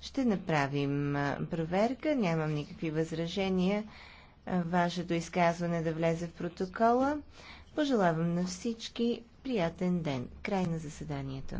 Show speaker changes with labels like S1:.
S1: Ще направим проверка, нямам никакви възражения. Вашето изказване да влезе в протокола. Пожелавам на всички приятен ден. Край на заседанието.